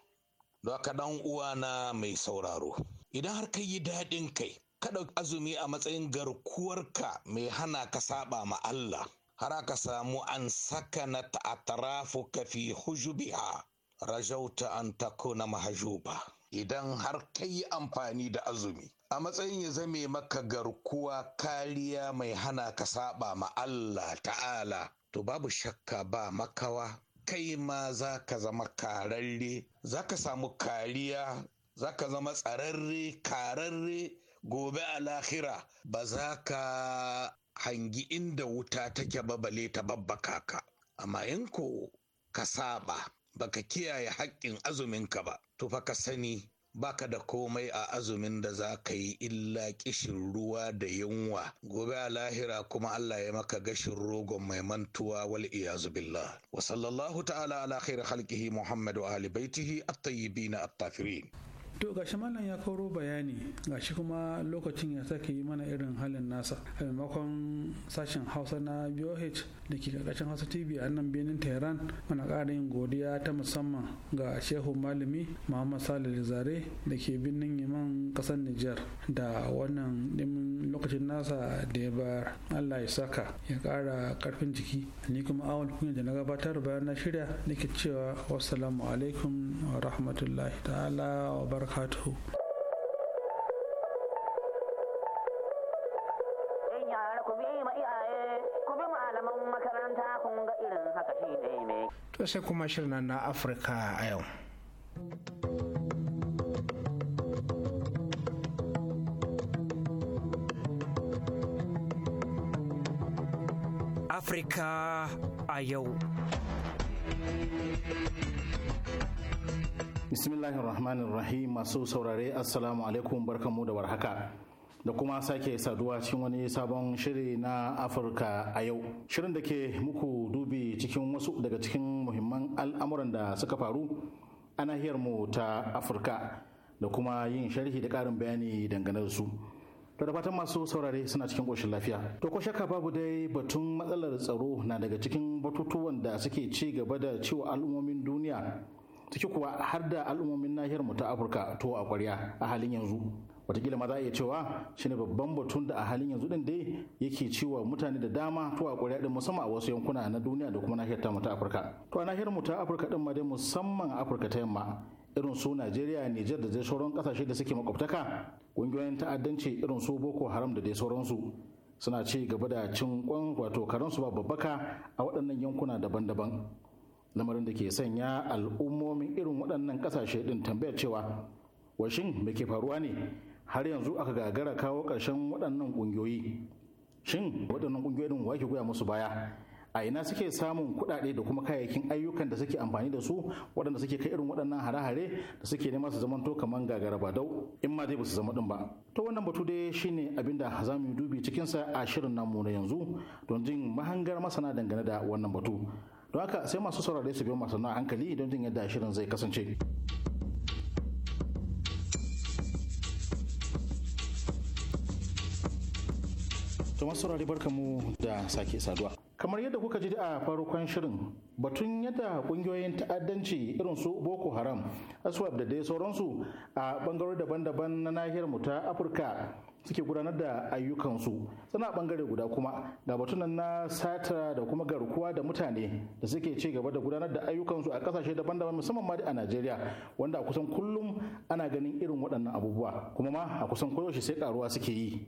don haka dan uwana mai sauraro idan har ka yi daɗin kai ka ɗauki azumi a matsayin garkuwarka mai hana ka saba ma Allah har aka samu an saka na ta'atarafu ka fi hujubiha rajauta an takuna mahajuba idan har ka yi amfani da azumi a matsayin ya zame maka garkuwa kariya mai hana ka saba ma Allah ta'ala to babu shakka ba makawa kai ma za ka zama kararre za ka samu kariya za ka zama tsararre kararre gobe a lahira ba za ka hangi inda wuta take babale ta babbaka ka amma in ko ka saba baka kiyaye haƙƙin azuminka ba Tufa ka sani baka da komai a azumin da za ka yi illa kishin ruwa da yunwa gobe a lahira kuma Allah ya maka gashin rogon mai mantuwa wal iyazu billah wa sallallahu ta'ala ala khairi khalqihi muhammad wa ali baitihi at-tayyibin at-tafirin to shi malam ya koro bayani ga shi kuma lokacin ya sake yi mana irin halin nasa a maimakon sashen hausa na boh da ke karkashin hausa tv a nan birnin tehran muna ƙara yin godiya ta musamman ga shehu malami muhammad salih zare da ke birnin yaman ƙasar nijar da wannan dimin lokacin nasa da ya bayar allah ya saka ya ƙara ƙarfin jiki ni kuma awon kunya da na gabatar bayan na shirya ke cewa wassalamu alaikum wa rahmatullahi ta'ala wa barka وبركاته To sai kuma shirin na Afirka a yau. Afirka a yau. bismillahir rahmanir rahim masu saurare assalamu alaikum barkamu da warhaka da kuma sake saduwa cikin wani sabon shiri na afirka a yau shirin da ke muku dubi cikin wasu daga cikin muhimman al'amuran da suka faru a mu ta afirka da kuma yin sharhi da karin bayani dangane da su to da fatan masu saurare suna cikin ƙoshin lafiya to ko shakka babu dai batun matsalar tsaro na daga cikin batutuwan da suke ci gaba da cewa al'ummomin duniya ciki kuwa har da al'ummomin nahiyar mu ta afirka to a kwarya a halin yanzu watakila ma za a iya cewa shine babban batun da a halin yanzu din dai yake ciwa mutane da dama to a kwarya din musamman a wasu yankuna na duniya da kuma nahiyar mu ta afirka to a nahiyar mu ta afirka din ma dai musamman afirka ta yamma irin su najeriya Nijar da dai sauran kasashe da suke makwabtaka ƙungiyoyin ta'addanci irin su boko haram da dai sauransu suna ci gaba da cin kwan wato karansu ba babbaka a waɗannan yankuna daban-daban lamarin da ke sanya al'ummomin irin waɗannan ƙasashe ɗin tambayar cewa washin me ke faruwa ne har yanzu aka gagara kawo ƙarshen waɗannan ƙungiyoyi shin waɗannan ƙungiyoyi ɗin wake goya musu baya a ina suke samun kuɗaɗe da kuma kayayyakin ayyukan da suke amfani da su waɗanda suke kai irin waɗannan hare-hare da suke nema su zamanto kamar gagara ba dau in ma dai ba su zama ɗin ba to wannan batu dai shine abin da za mu yi dubi cikinsa a shirin namu na yanzu don jin mahangar masana dangane da wannan batu don haka sai masu saurare su biyo masu na hankali don jin yadda shirin zai kasance to masu saurare mu da sake saduwa kamar yadda kuka ji a farkon shirin batun yadda kungiyoyin ta'addanci irin su boko haram aswab da dai sauransu a bangarori daban-daban na nahiyar mu ta afirka suke gudanar da ayyukansu suna bangare guda kuma ga batunan na sata da kuma garkuwa da mutane da suke ci gaba da gudanar da ayyukansu a kasashe daban-daban musamman ma a Najeriya wanda a kusan kullum ana ganin irin waɗannan abubuwa kuma ma a kusan koyaushe sai karuwa suke yi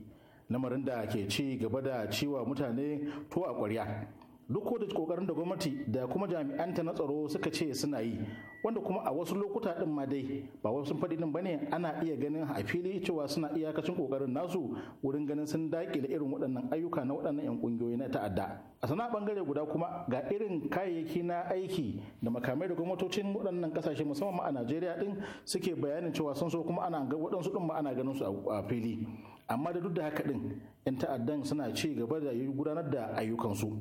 lamarin da ke ci gaba da ciwa mutane tuwa a ƙwarya duk da kokarin da gwamnati da kuma jami'anta na tsaro suka ce suna yi wanda kuma a wasu lokuta din ma dai ba wasu sun faɗi din ba ne ana iya ganin a fili cewa suna iyakacin kokarin nasu wurin ganin sun dakile irin waɗannan ayyuka na waɗannan yan kungiyoyi na ta'adda a sana bangare guda kuma ga irin kayayyaki na aiki da makamai da gwamnatocin waɗannan kasashe musamman a Najeriya din suke bayanin cewa sun so kuma ana ga waɗansu din ma ana ganin su a fili amma da duk da haka din yan ta'addan suna ci gaba da gudanar da ayyukansu.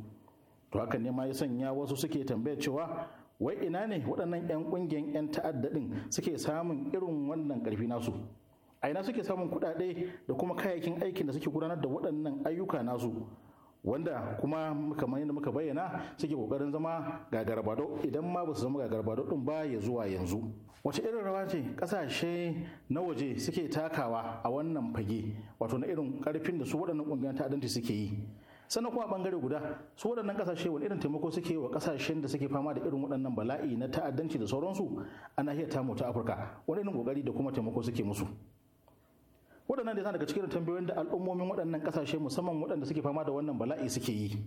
to haka ne ma ya sanya wasu suke tambaya cewa wai ina ne waɗannan 'yan ƙungiyar 'yan ta'adda ɗin suke samun irin wannan ƙarfi nasu a ina suke samun kuɗaɗe da kuma kayayyakin aikin da suke gudanar da waɗannan ayyuka nasu wanda kuma kamar yadda muka bayyana suke kokarin zama ga gagarbado idan ma ba su zama gagarbado ɗin ba ya zuwa yanzu wace irin rawa ce kasashe na waje suke takawa a wannan fage wato na irin ƙarfin da su waɗannan ƙungiyar ta'addanci suke yi sannan kuma bangare guda su waɗannan kasashe wani irin taimako suke wa kasashen da suke fama da irin waɗannan bala'i na ta'addanci da sauransu a nahiyar tamu ta afirka wani irin kokari da kuma taimako suke musu waɗannan da daga cikin tambayoyin da al'ummomin waɗannan kasashe musamman waɗanda suke fama da wannan bala'i suke yi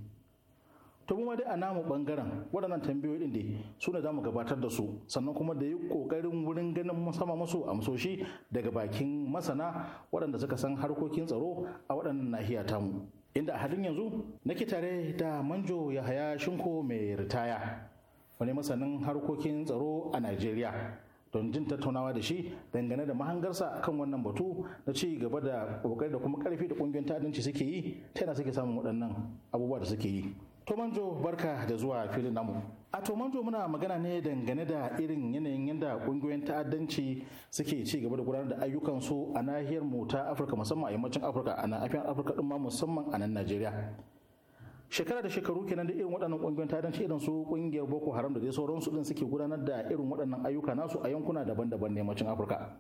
to kuma dai a namu bangaren waɗannan tambayoyi din su ne za mu gabatar da su sannan kuma da yi ƙoƙarin wurin ganin musamman musu amsoshi daga bakin masana waɗanda suka san harkokin tsaro a waɗannan nahiya tamu. mu inda a halin yanzu nake tare da manjo yahaya shinko mai ritaya wani masanin harkokin tsaro a najeriya don jin tattaunawa da shi dangane da mahangarsa kan wannan batu na ci gaba da kokari da kuma karfi da kungiyar ta'adanci suke yi ta yana suke samun waɗannan abubuwa da suke yi Tomanjo barka da zuwa filin namu. A Tomanjo muna magana ne dangane da irin yanayin yadda ƙungiyoyin ta'addanci suke ci gaba da gudanar da ayyukansu a nahiyar mu ta Afirka musamman a yammacin Afirka a nahiyar Afirka din ma musamman a nan Najeriya. Shekara da shekaru kenan da irin waɗannan ƙungiyoyin ta'addanci irin su ƙungiyar Boko Haram da dai sauransu din suke gudanar da irin waɗannan ayyuka nasu a yankuna daban-daban na yammacin Afirka.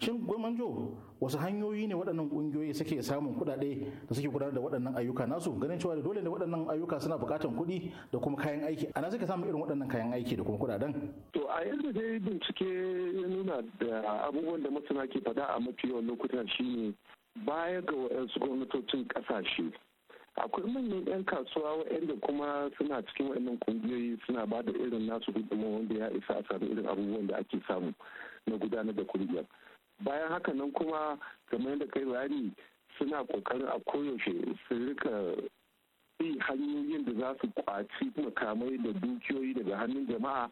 shin jo wasu hanyoyi ne waɗannan ƙungiyoyi suke samun kuɗaɗe da suke gudanar da waɗannan ayyuka nasu ganin cewa da dole ne waɗannan ayyuka suna buƙatar kuɗi da kuma kayan aiki ana suke samun irin waɗannan kayan aiki da kuma kuɗaɗen. to a yanzu dai bincike ya nuna da abubuwan da masana ke faɗa a mafi yawan lokutan shine baya ga waɗansu gwamnatocin ƙasashe akwai manyan 'yan kasuwa waɗanda kuma suna cikin waɗannan ƙungiyoyi suna ba da irin nasu gudunmawa wanda ya isa a sami irin abubuwan da ake samu na gudanar da kungiyar bayan haka nan kuma kamar da kai bayani suna kokarin a koyaushe su rika bi hanyoyin da za su kwaci makamai da dukiyoyi daga hannun jama'a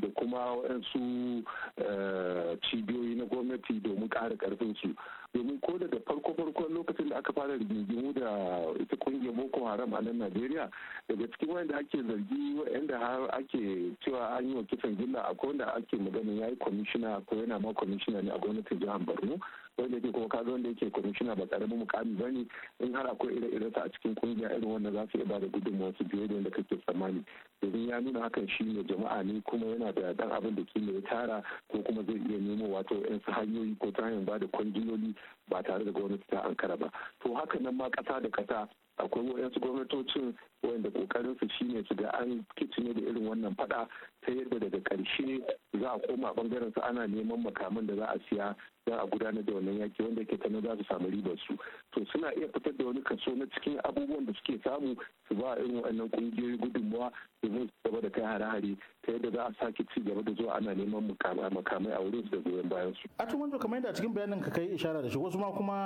da kuma waɗansu eh, cibiyoyi na gwamnati domin ƙara su domin ko daga farko farko lokacin da aka fara rigingimu da ita kungiyar boko haram a nan najeriya daga cikin wanda ake zargi wanda har ake cewa an yi wa kisan gilla akwai wanda ake magana ya yi kwamishina ko yana ma kwamishina ne a gwamnatin jihar borno wanda ke kuma kaga wanda yake kwamishina ba da mukami ba ne in har akwai ire iren a cikin kungiya irin wanda za su iya bada gudunmawa su biyo da yadda kake tsammani domin ya nuna hakan shi ne jama'a ne kuma yana da dan abin da ke ya tara ko kuma zai iya nemo wato yan su hanyoyi ko ta hanyar bada kwangiloli ba tare da gwamnati ta ankara ba to hakanan nan ma kasa da kasa akwai wayansu gwamnatocin wanda kokarin su shine su ga an kicine da irin wannan fada ta yadda daga karshe za a koma bangaren su ana neman makaman da za a siya za a gudanar da wannan yaki wanda ke tana za su samu ribar su to suna iya fitar da wani kaso na cikin abubuwan da suke samu su ba irin wannan kungiyoyi gudunmuwa domin su gaba da kai hare-hare ta yadda za a sake ci gaba da zuwa ana neman makamai a wurin su da goyon bayan su. a wanzu kamar yadda cikin bayanin ka kai ishara da shi wasu ma kuma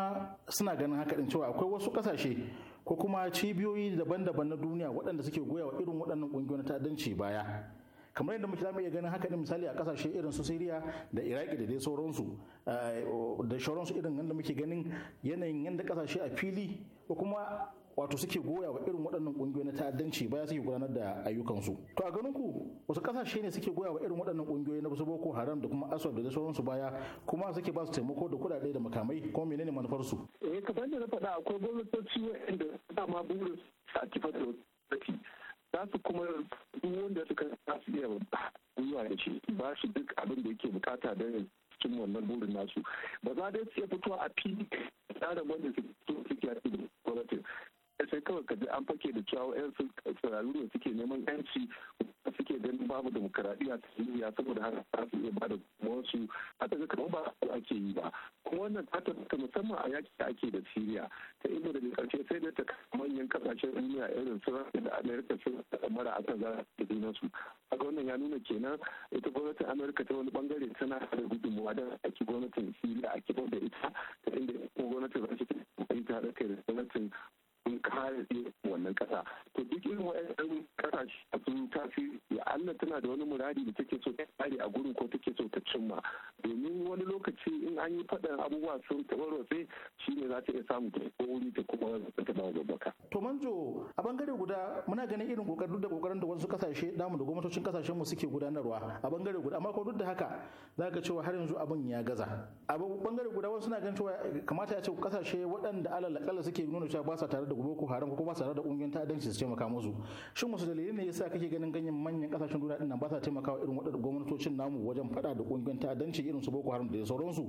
suna ganin haka din cewa akwai wasu kasashe ko kuma cibiyoyi daban-daban na duniya waɗanda suke goya wa irin waɗannan na ta'addanci baya kamar yadda muke zamu iya ganin haka ne misali a kasashe irin su Syria da Iraki da dai sauransu eh, da sauransu irin yadda muke ganin yanayin yadda kasashe a fili ko kuma wato suke goya wa irin waɗannan ƙungiyoyi na ta'addanci baya suke gudanar da ayyukansu to a ganin ku wasu ƙasashe ne suke goya wa irin waɗannan ƙungiyoyi na su boko haram da kuma aswad da sauransu baya kuma suke ba su taimako da kuɗaɗe da makamai kuma menene manufarsu eh kamar da na faɗa akwai gwamnatoci waɗanda dama burin su a kifar da za su kuma duk wanda suka su iya zuwa da shi ba shi duk abin da yake bukata da cikin wannan burin nasu ba za dai su iya fitowa a fili tsarin wanda suke a cikin sai kawai ka an fake da cewa yan sun tsararru da suke neman yanci suke ganin babu demokaradiyya ta duniya saboda haka ta su iya ba da wasu a ta kamar ba su ake yi ba kuma wannan ta tabbata musamman a yaki da ake da siriya ta inda da karshe sai da ta manyan kasashen duniya irin su da amerika sun mara akan za su da su ga wannan ya nuna kenan ita gwamnatin amerika ta wani bangare tana da gudunmuwa da ake gwamnatin siriya a kibar da ita ta inda gwamnatin za ta haɗa kai da gwamnatin in kare wannan kasa to duk irin wa'annan kasashe sun tafi Allah tana da wani muradi da take so ta tsari a gurin ko take so ta cimma domin wani lokaci in an yi faɗin abubuwa sun tabarwace shi ne za ta iya samu ta ko ta kuma ta dawo babbaka. To manjo a bangare guda muna ganin irin kokarin da kokarin da wasu kasashe namu da gwamnatocin kasashen mu suke gudanarwa a bangare guda amma ko duk da haka za ka cewa har yanzu abin ya gaza. A bangare guda wasu suna ganin cewa kamata ya ce kasashe waɗanda alalakala suke nuna cewa ba sa tare da ko Haram ko ba sa tare da ƙungiyoyin ta'addanci su taimaka musu. Shin musu dalilai dalilin ne yasa kake ganin ganyen manyan kasashen duniya din nan ba sa taimakawa irin waɗannan gwamnatocin namu wajen faɗa da ƙungiyar ta'addanci irin su Boko Haram da sauransu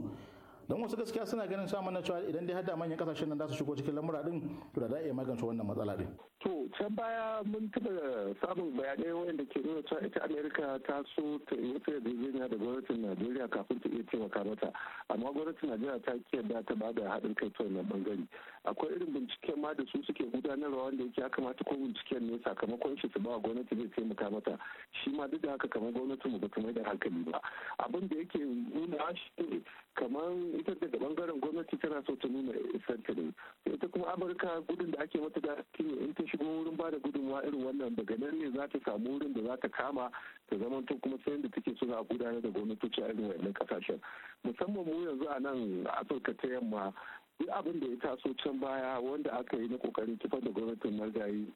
don wasu gaskiya suna ganin sa mana cewa idan dai hada manyan kasashen nan za su shigo cikin lamura din to da za a iya magance wannan matsala din to can baya mun taba samun bayanai wanda ke nuna cewa ita america ta so ta yi wata yarjejeniya da gwamnatin najeriya kafin ta iya taimaka mata amma gwamnatin najeriya ta ki yarda ta ba da haɗin kai ta wannan bangare akwai irin binciken ma da su suke gudanarwa wanda yake ya kamata ko binciken ne sakamakon shi su ba gwamnati zai taimaka mata shi ma duk da haka kamar gwamnatin mu ba ta mai da hankali ba abin da yake nuna shi kamar ita daga bangaren gwamnati tana so ta nuna isanta ne ita kuma amurka gudun da ake mata da in ta shigo wurin ba da gudunmawa irin wannan daga nan ne za ta samu wurin da za ta kama ta zamanto kuma sayan da take suna a gudanar da gwamnatoci a irin wannan kasashen musamman mu yanzu a nan afirka ta yamma duk abin da ya taso can baya wanda aka yi na kokarin kifar da gwamnatin margayi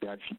dafi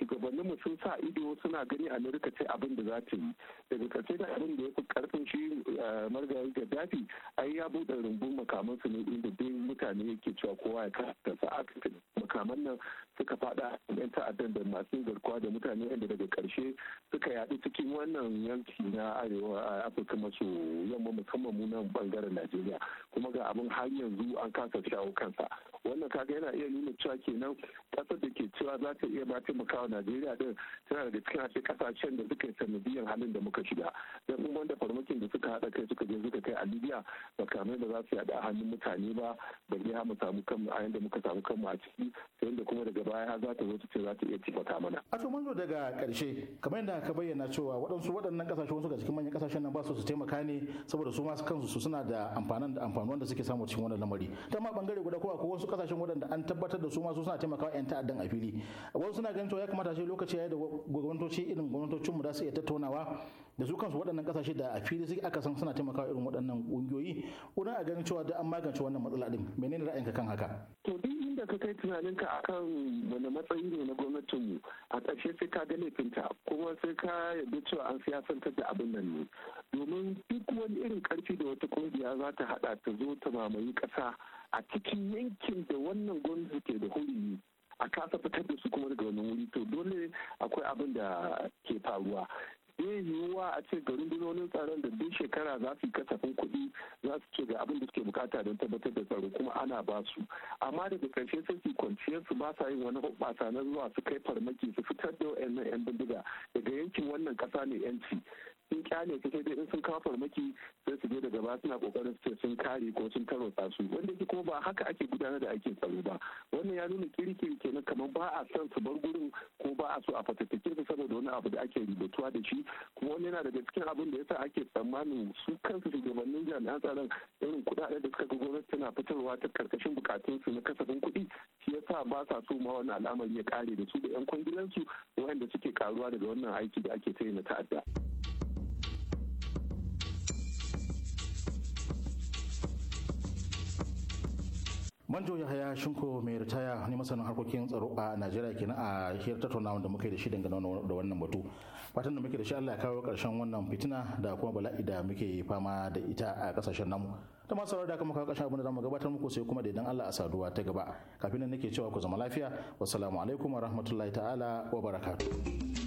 shugabanninmu sun sa ido suna gani amerika ce abin da za ta yi daga ƙarshe da abin da ya fi karfin shi eh, ga dafi ai ya buɗe rumbun makamansu ne inda dai mutane yake cewa kowa ya kasa sa aka makaman nan suka faɗa yan ta'addan da masu garkuwa da mutane yadda daga karshe suka yaɗu cikin wannan yanki na arewa afirka maso yamma musamman mu nan bangaren najeriya kuma ga abin har yanzu an kasa shawo kansa wannan kaga yana iya nuna cewa kenan ƙasar da ke cewa za ta iya ba ta taimakawa najeriya din tana daga cikin ashe kasashen da suka yi sanadiyar halin da muka shiga da kuma wanda farmakin da suka haɗa kai suka je suka kai a libya ba kamar da za su yaɗa hannun mutane ba da ha mu samu kanmu a yanda muka samu kanmu a ciki sai da kuma daga baya har za ta zo ta ce za ta iya taimaka mana. a to zo daga ƙarshe kamar yadda ka bayyana cewa waɗansu waɗannan ƙasashe wasu ga cikin manyan ƙasashen nan ba su su taimaka ne saboda su masu kansu su suna da amfanin da amfanuwan da suke samu cikin wannan lamari ta ma bangare guda ko akwai wasu ƙasashen waɗanda an tabbatar da su ma su suna taimakawa 'yan ta'addan a fili wasu suna ganin cewa ya kamata shi lokaci ya yi da gwamnatoci irin gwamnatocinmu da su iya tattaunawa da su kansu waɗannan ƙasashe da a fili suke aka san suna taimakawa irin waɗannan ƙungiyoyi wurin a ganin cewa da an magance wannan matsala ɗin menene ra'ayinka kan haka. to duk inda ka kai tunaninka akan wani matsayi ne na gwamnatinmu a ƙarshe sai ka ga laifinta kuma sai ka yarda cewa an siyasantar da abin nan ne domin duk wani irin ƙarfi da wata ƙungiya za ta haɗa ta zo ta mamayi ƙasa a cikin yankin da wannan gwamnati ke da hurumi a kasa fitar da su kuma daga wannan wuri to dole akwai abin da ke faruwa zai yiwuwa a ce garin dunonin tsaron da duk shekara za su yi kasafin kuɗi za su ce ga abin da suke bukata don tabbatar da tsaro kuma ana ba su amma daga ƙarshe sai su kwanciyar su ba sa yin wani hoɓɓasa na zuwa su kai farmaki su fitar da wayannan yan bindiga daga yankin wannan ƙasa ne yanci sun kyale su sai dai in sun kawo farmaki sai su je da gaba suna kokarin su sun kare ko sun tarwasa su wanda shi kuma ba haka ake gudanar da aikin tsaro ba wannan ya nuna kirkiri kenan kamar ba a son su bar gurin ko ba a so a fatattake su saboda wani abu da ake rubutuwa da shi kuma wani yana daga cikin abin da yasa ake tsammanin su kansu shugabannin jami'an tsaron irin kuɗaɗen da suka ga gwamnati tana fitarwa ta karkashin bukatun su na kasafin kuɗi shi yasa ba sa so ma wani al'amari ya kare da su da 'yan kwangilansu wayanda suke karuwa daga wannan aiki da ake sai na ta'adda. manjo haya shinko mai ritaya ne masanin harkokin tsaro a najeriya kenan a hiyar tattaunawa da muke da shi dangane da wannan batu fatan da muke da shi allah ya kawo karshen wannan fitina da kuma bala'i da muke fama da ita a kasashen namu ta masu da kuma kawo karshen abin da zamu gabatar muku sai kuma da idan allah a saduwa ta gaba kafin nan nake cewa ku zama lafiya wassalamu alaikum wa rahmatullahi ta'ala wa barakatuh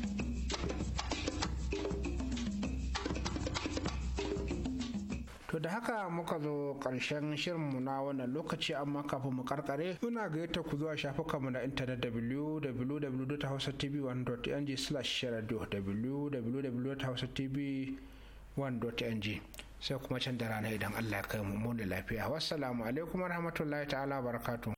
to da haka muka zo ƙarshen shirinmu na wannan lokaci amma kafin mu karkare muna gayyata ku zuwa shafukanmu na intanet www.hausatv1.ng slash radio www.hausatv1.ng sai kuma can da rana idan Allah ya kai mu mu da lafiya wassalamu alaikum warahmatullahi ta'ala barakatuh